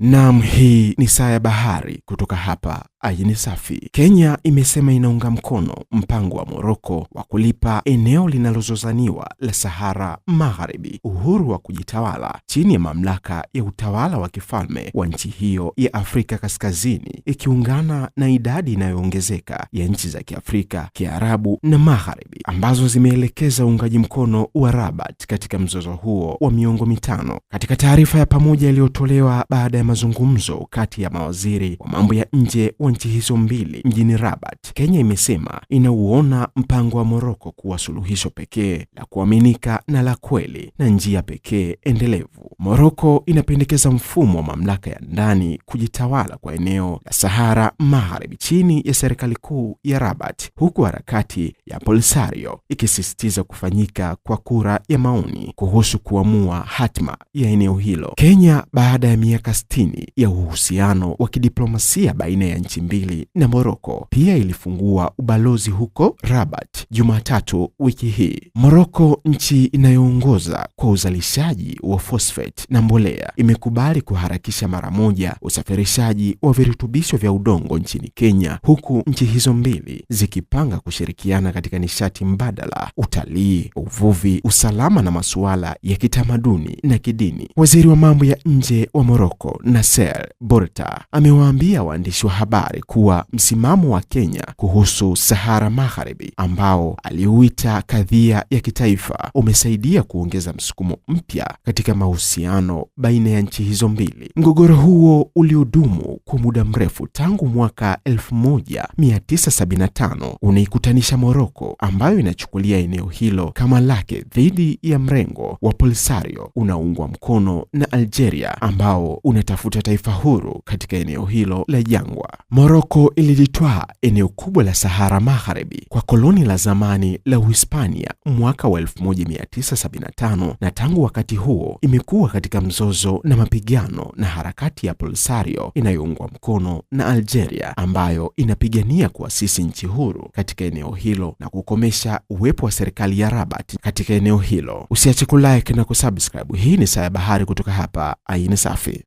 Naam, hii ni Saa ya Bahari kutoka hapa Ayin Safi. Kenya imesema inaunga mkono mpango wa Moroko wa kulipa eneo linalozozaniwa la Sahara Magharibi uhuru wa kujitawala chini ya mamlaka ya utawala wa kifalme wa nchi hiyo ya Afrika Kaskazini, ikiungana na idadi inayoongezeka ya nchi za Kiafrika, Kiarabu na Magharibi ambazo zimeelekeza uungaji mkono wa Rabat katika mzozo huo wa miongo mitano. Katika taarifa ya pamoja iliyotolewa baada ya mazungumzo kati ya mawaziri wa mambo ya nje wa nchi hizo mbili mjini Rabat, Kenya imesema inauona mpango wa Moroko kuwa suluhisho pekee la kuaminika na la kweli na njia pekee endelevu. Moroko inapendekeza mfumo wa mamlaka ya ndani kujitawala kwa eneo la Sahara Magharibi chini ya serikali kuu ya Rabat, huku harakati ya Polisario ikisisitiza kufanyika kwa kura ya maoni kuhusu kuamua hatima ya eneo hilo. Kenya baada ya miaka 60 ya uhusiano wa kidiplomasia baina ya nchi mbili na Moroko. Pia ilifungua ubalozi huko Rabat Jumatatu wiki hii. Morocco, nchi inayoongoza kwa uzalishaji wa phosphate na mbolea, imekubali kuharakisha mara moja usafirishaji wa virutubisho vya udongo nchini Kenya, huku nchi hizo mbili zikipanga kushirikiana katika nishati mbadala, utalii, uvuvi, usalama na masuala ya kitamaduni na kidini. Waziri wa mambo ya nje wa Morocco, Nasser Bourta, amewaambia waandishi wa habari kuwa msimamo wa Kenya kuhusu Sahara Magharibi ambao ambao aliuita kadhia ya kitaifa umesaidia kuongeza msukumo mpya katika mahusiano baina ya nchi hizo mbili. Mgogoro huo uliodumu kwa muda mrefu tangu mwaka 1975 unaikutanisha Moroko ambayo inachukulia eneo hilo kama lake dhidi ya mrengo wa Polisario unaungwa mkono na Algeria ambao unatafuta taifa huru katika eneo hilo la jangwa. Moroko ililitwaa eneo kubwa la Sahara Magharibi kwa koloni la zamani la Uhispania mwaka wa 1975 na tangu wakati huo imekuwa katika mzozo na mapigano na harakati ya Polisario inayoungwa mkono na Algeria ambayo inapigania kuasisi nchi huru katika eneo hilo na kukomesha uwepo wa serikali ya Rabat katika eneo hilo. Usiache kulike na kusubscribe. Hii ni Saa ya Bahari kutoka hapa Ayin Safi.